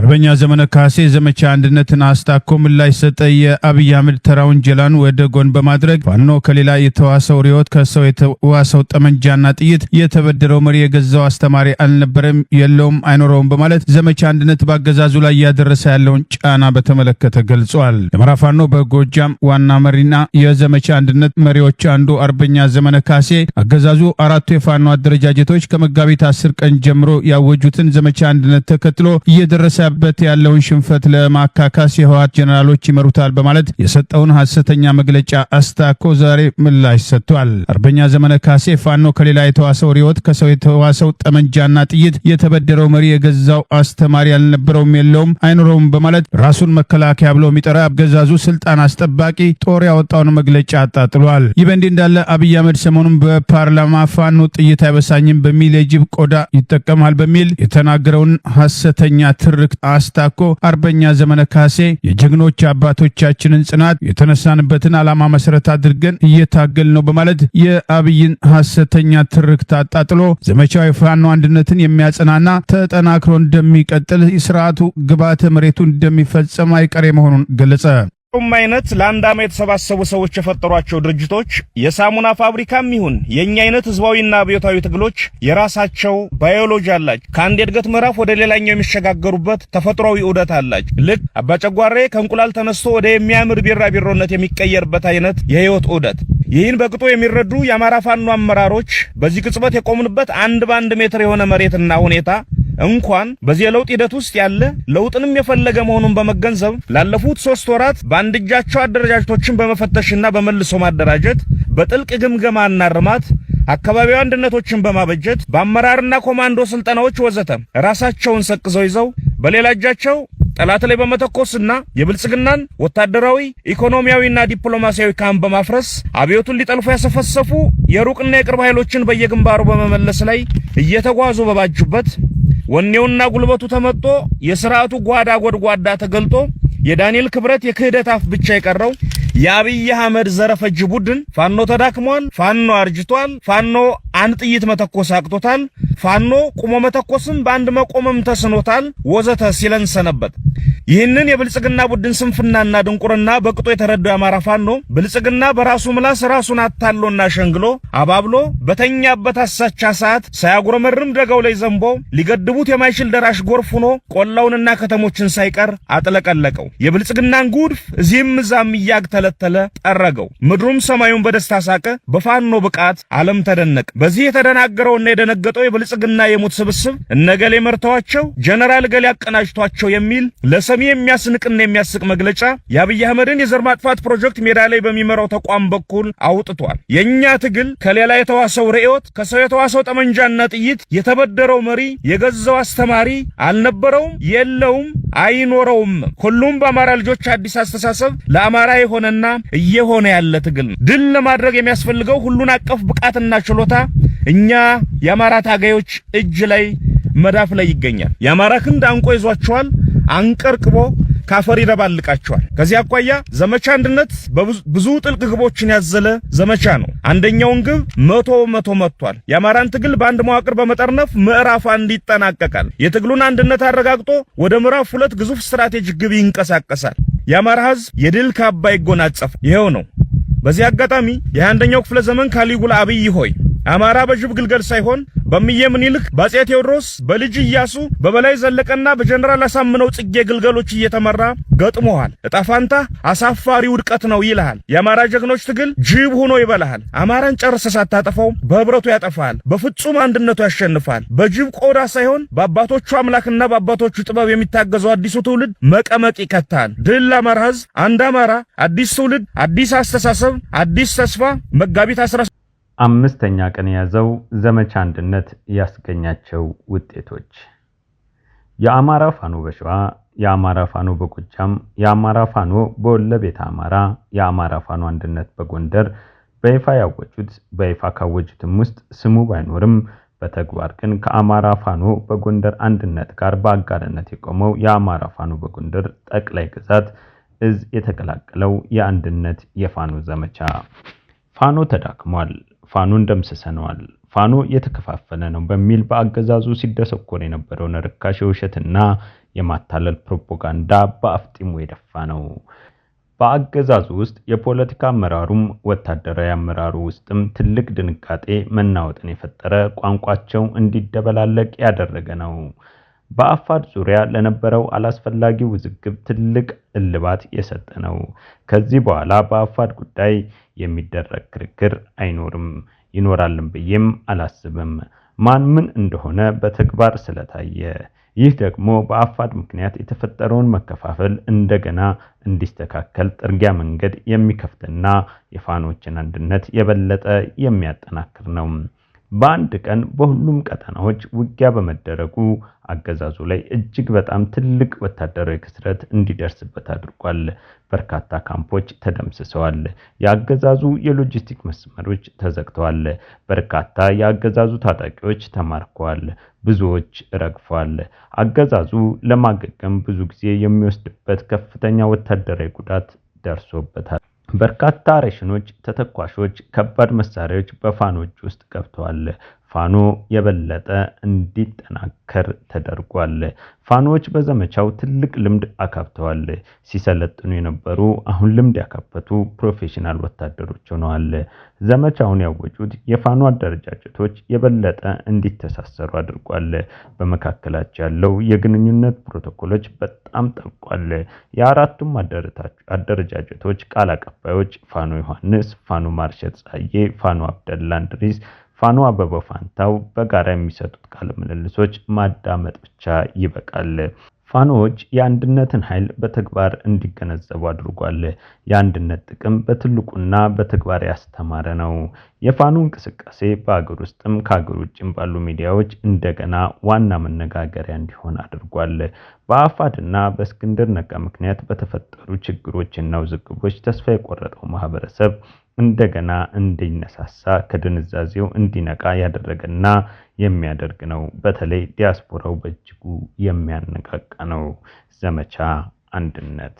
አርበኛ ዘመነ ካሴ ዘመቻ አንድነትን አስታኮ ምላሽ ሰጠ። የአብይ አህመድ ተራ ውንጀላን ወደ ጎን በማድረግ ፋኖ ከሌላ የተዋሰው ሪዮት ከሰው የተዋሰው ጠመንጃና ጥይት የተበደረው መሪ የገዛው አስተማሪ አልነበረም፣ የለውም፣ አይኖረውም በማለት ዘመቻ አንድነት በአገዛዙ ላይ እያደረሰ ያለውን ጫና በተመለከተ ገልጿል። የአማራ ፋኖ በጎጃም ዋና መሪና የዘመቻ አንድነት መሪዎች አንዱ አርበኛ ዘመነ ካሴ አገዛዙ አራቱ የፋኖ አደረጃጀቶች ከመጋቢት አስር ቀን ጀምሮ ያወጁትን ዘመቻ አንድነት ተከትሎ እየደረሰ እየበረታበት ያለውን ሽንፈት ለማካካስ የህወሓት ጀኔራሎች ይመሩታል በማለት የሰጠውን ሐሰተኛ መግለጫ አስታኮ ዛሬ ምላሽ ሰጥቷል። አርበኛ ዘመነ ካሴ ፋኖ ከሌላ የተዋሰው ሪዮት ከሰው የተዋሰው ጠመንጃና ጥይት የተበደረው መሪ የገዛው አስተማሪ ያልነበረውም የለውም አይኖረውም በማለት ራሱን መከላከያ ብሎ የሚጠራ አገዛዙ ስልጣን አስጠባቂ ጦር ያወጣውን መግለጫ አጣጥሏል። ይህ በእንዲህ እንዳለ አብይ አህመድ ሰሞኑን በፓርላማ ፋኖ ጥይት አይበሳኝም በሚል የጅብ ቆዳ ይጠቀማል በሚል የተናገረውን ሐሰተኛ ትርክ አስታኮ አርበኛ ዘመነ ካሴ የጀግኖች አባቶቻችንን ጽናት የተነሳንበትን ዓላማ መሰረት አድርገን እየታገል ነው በማለት የአብይን ሐሰተኛ ትርክት አጣጥሎ ዘመቻው የፋኖ አንድነትን የሚያጸናና ተጠናክሮ እንደሚቀጥል ስርዓቱ ግባተ መሬቱ እንደሚፈጸም አይቀሬ መሆኑን ገለጸ። ም አይነት ለአንድ የተሰባሰቡ ሰዎች የፈጠሯቸው ድርጅቶች የሳሙና ፋብሪካም ይሁን የእኛ አይነት ህዝባዊና አብዮታዊ ትግሎች የራሳቸው ባዮሎጂ አላቸው። ከአንድ የእድገት ምዕራፍ ወደ ሌላኛው የሚሸጋገሩበት ተፈጥሯዊ ዑደት አላቸው። ልክ አባጨጓሬ ከእንቁላል ተነስቶ ወደ የሚያምር ቢራቢሮነት የሚቀየርበት አይነት የህይወት ዑደት። ይህን በቅጡ የሚረዱ የአማራ ፋኖ አመራሮች በዚህ ቅጽበት የቆምንበት አንድ በአንድ ሜትር የሆነ መሬትና ሁኔታ እንኳን በዚህ የለውጥ ሂደት ውስጥ ያለ ለውጥንም የፈለገ መሆኑን በመገንዘብ ላለፉት ሶስት ወራት በአንድ እጃቸው አደረጃጀቶችን በመፈተሽና በመልሶ ማደራጀት በጥልቅ ግምገማና ርማት አካባቢያዊ አንድነቶችን በማበጀት በአመራርና ኮማንዶ ስልጠናዎች ወዘተ ራሳቸውን ሰቅዘው ይዘው በሌላ እጃቸው ጠላት ላይ በመተኮስና የብልጽግናን ወታደራዊ ኢኮኖሚያዊና ዲፕሎማሲያዊ ካም በማፍረስ አብዮቱን ሊጠልፉ ያሰፈሰፉ የሩቅና የቅርብ ኃይሎችን በየግንባሩ በመመለስ ላይ እየተጓዙ በባጁበት ወኔውና ጉልበቱ ተመጦ የስርዓቱ ጓዳ ጎድጓዳ ተገልጦ የዳንኤል ክብረት የክህደት አፍ ብቻ የቀረው የአብይ አህመድ ዘረፈጅ ቡድን ፋኖ ተዳክሟል፣ ፋኖ አርጅቷል፣ ፋኖ አንድ ጥይት መተኮስ አቅቶታል፣ ፋኖ ቁሞ መተኮስም በአንድ መቆምም ተስኖታል፣ ወዘተ ሲለን ሰነበት። ይህንን የብልጽግና ቡድን ስንፍናና ድንቁርና በቅጦ የተረዳው የአማራ ፋኖ ብልጽግና በራሱ ምላስ ራሱን አታሎና ሸንግሎ አባብሎ በተኛበት አሳቻ ሰዓት ሳያጉረመርም ደጋው ላይ ዘንቦ ሊገድቡት የማይችል ደራሽ ጎርፍ ሆኖ ቆላውንና ከተሞችን ሳይቀር አጥለቀለቀው። የብልጽግናን ጉድፍ እዚህም እዛም እያግተለ እያብተለተለ ጠረገው። ምድሩም ሰማዩን በደስታ ሳቀ። በፋኖ ብቃት ዓለም ተደነቀ። በዚህ የተደናገረውና የደነገጠው የብልጽግና የሙት ስብስብ እነገሌ መርተዋቸው ጀነራል ገሌ አቀናጅቷቸው የሚል ለሰሚ የሚያስንቅና የሚያስቅ መግለጫ የአብይ አህመድን የዘር ማጥፋት ፕሮጀክት ሜዳ ላይ በሚመራው ተቋም በኩል አውጥቷል። የእኛ ትግል ከሌላ የተዋሰው ርዕዮት፣ ከሰው የተዋሰው ጠመንጃና ጥይት የተበደረው መሪ የገዛው አስተማሪ አልነበረውም የለውም አይኖረውም። ሁሉም በአማራ ልጆች አዲስ አስተሳሰብ ለአማራ የሆነና እየሆነ ያለ ትግል ነው። ድል ለማድረግ የሚያስፈልገው ሁሉን አቀፍ ብቃትና ችሎታ እኛ የአማራ ታጋዮች እጅ ላይ መዳፍ ላይ ይገኛል። የአማራ ክንድ አንቆ ይዟቸዋል አንቀርቅቦ ካፈር ይደባልቃቸዋል። ከዚህ አኳያ ዘመቻ አንድነት ብዙ ጥልቅ ግቦችን ያዘለ ዘመቻ ነው። አንደኛውን ግብ መቶ በመቶ መጥቷል። የአማራን ትግል በአንድ መዋቅር በመጠርነፍ ምዕራፍ አንድ ይጠናቀቃል። የትግሉን አንድነት አረጋግጦ ወደ ምዕራፍ ሁለት ግዙፍ ስትራቴጂክ ግብ ይንቀሳቀሳል። የአማራ ህዝብ የድል ካባ ይጎናጸፋል። ይኸው ነው። በዚህ አጋጣሚ የአንደኛው ክፍለ ዘመን ካሊጉላ አብይ ሆይ አማራ በጅብ ግልገል ሳይሆን በሚዬ ምኒልክ፣ በአጼ ቴዎድሮስ፣ በልጅ ኢያሱ፣ በበላይ ዘለቀና በጀነራል አሳምነው ጽጌ ግልገሎች እየተመራ ገጥሞሃል። እጣፋንታ አሳፋሪ ውድቀት ነው ይልሃል። የአማራ ጀግኖች ትግል ጅብ ሆኖ ይበላሃል። አማራን ጨርሰ ሳታጠፋው በህብረቱ ያጠፋሃል። በፍጹም አንድነቱ ያሸንፋል። በጅብ ቆዳ ሳይሆን በአባቶቹ አምላክና በአባቶቹ ጥበብ የሚታገዘው አዲሱ ትውልድ መቀመቅ ይከታል። ድል አማራ ህዝብ፣ አንድ አማራ፣ አዲስ ትውልድ፣ አዲስ አስተሳሰብ፣ አዲስ ተስፋ መጋቢት አምስተኛ ቀን የያዘው ዘመቻ አንድነት ያስገኛቸው ውጤቶች የአማራ ፋኖ በሸዋ፣ የአማራ ፋኖ በጎጃም፣ የአማራ ፋኖ በወለቤት አማራ፣ የአማራ ፋኖ አንድነት በጎንደር በይፋ ያወጁት በይፋ ካወጁትም ውስጥ ስሙ ባይኖርም በተግባር ግን ከአማራ ፋኖ በጎንደር አንድነት ጋር በአጋርነት የቆመው የአማራ ፋኖ በጎንደር ጠቅላይ ግዛት እዝ የተቀላቀለው የአንድነት የፋኖ ዘመቻ ፋኖ ተዳክሟል፣ ፋኖን ደምስሰነዋል፣ ፋኖ የተከፋፈለ ነው በሚል በአገዛዙ ሲደሰኮር የነበረውን ርካሽ የውሸትና የማታለል ፕሮፓጋንዳ በአፍጢሙ የደፋ ነው። በአገዛዙ ውስጥ የፖለቲካ አመራሩም ወታደራዊ አመራሩ ውስጥም ትልቅ ድንጋጤ መናወጥን የፈጠረ ቋንቋቸው እንዲደበላለቅ ያደረገ ነው። በአፋር ዙሪያ ለነበረው አላስፈላጊ ውዝግብ ትልቅ እልባት የሰጠ ነው። ከዚህ በኋላ በአፋር ጉዳይ የሚደረግ ክርክር አይኖርም፣ ይኖራልም ብዬም አላስብም። ማን ምን እንደሆነ በተግባር ስለታየ፣ ይህ ደግሞ በአፋድ ምክንያት የተፈጠረውን መከፋፈል እንደገና እንዲስተካከል ጥርጊያ መንገድ የሚከፍትና የፋኖችን አንድነት የበለጠ የሚያጠናክር ነው። በአንድ ቀን በሁሉም ቀጠናዎች ውጊያ በመደረጉ አገዛዙ ላይ እጅግ በጣም ትልቅ ወታደራዊ ክስረት እንዲደርስበት አድርጓል። በርካታ ካምፖች ተደምስሰዋል። የአገዛዙ የሎጂስቲክ መስመሮች ተዘግተዋል። በርካታ የአገዛዙ ታጣቂዎች ተማርከዋል። ብዙዎች ረግፏል። አገዛዙ ለማገገም ብዙ ጊዜ የሚወስድበት ከፍተኛ ወታደራዊ ጉዳት ደርሶበታል። በርካታ ሬሽኖች፣ ተተኳሾች፣ ከባድ መሳሪያዎች በፋኖች ውስጥ ገብተዋል። ፋኖ የበለጠ እንዲጠናከር ተደርጓል። ፋኖዎች በዘመቻው ትልቅ ልምድ አካብተዋል። ሲሰለጥኑ የነበሩ አሁን ልምድ ያካበቱ ፕሮፌሽናል ወታደሮች ሆነዋል። ዘመቻውን ያወጩት የፋኖ አደረጃጀቶች የበለጠ እንዲተሳሰሩ አድርጓል። በመካከላቸው ያለው የግንኙነት ፕሮቶኮሎች በጣም ጠብቋል። የአራቱም አደረጃጀቶች ቃል አቀባዮች ፋኖ ዮሐንስ፣ ፋኖ ማርሸት ጸሐዬ፣ ፋኖ አብደላ እንድሪስ ፋኖ አበባ ፋንታው በጋራ የሚሰጡት ቃለ ምልልሶች ማዳመጥ ብቻ ይበቃል። ፋኖዎች የአንድነትን ኃይል በተግባር እንዲገነዘቡ አድርጓል። የአንድነት ጥቅም በትልቁና በተግባር ያስተማረ ነው። የፋኖ እንቅስቃሴ በአገር ውስጥም ከአገር ውጭም ባሉ ሚዲያዎች እንደገና ዋና መነጋገሪያ እንዲሆን አድርጓል። በአፋድና በእስክንድር ነጋ ምክንያት በተፈጠሩ ችግሮችና ውዝግቦች ተስፋ የቆረጠው ማህበረሰብ እንደገና እንዲነሳሳ ከድንዛዜው እንዲነቃ ያደረገና የሚያደርግ ነው። በተለይ ዲያስፖራው በእጅጉ የሚያነቃቃ ነው። ዘመቻ አንድነት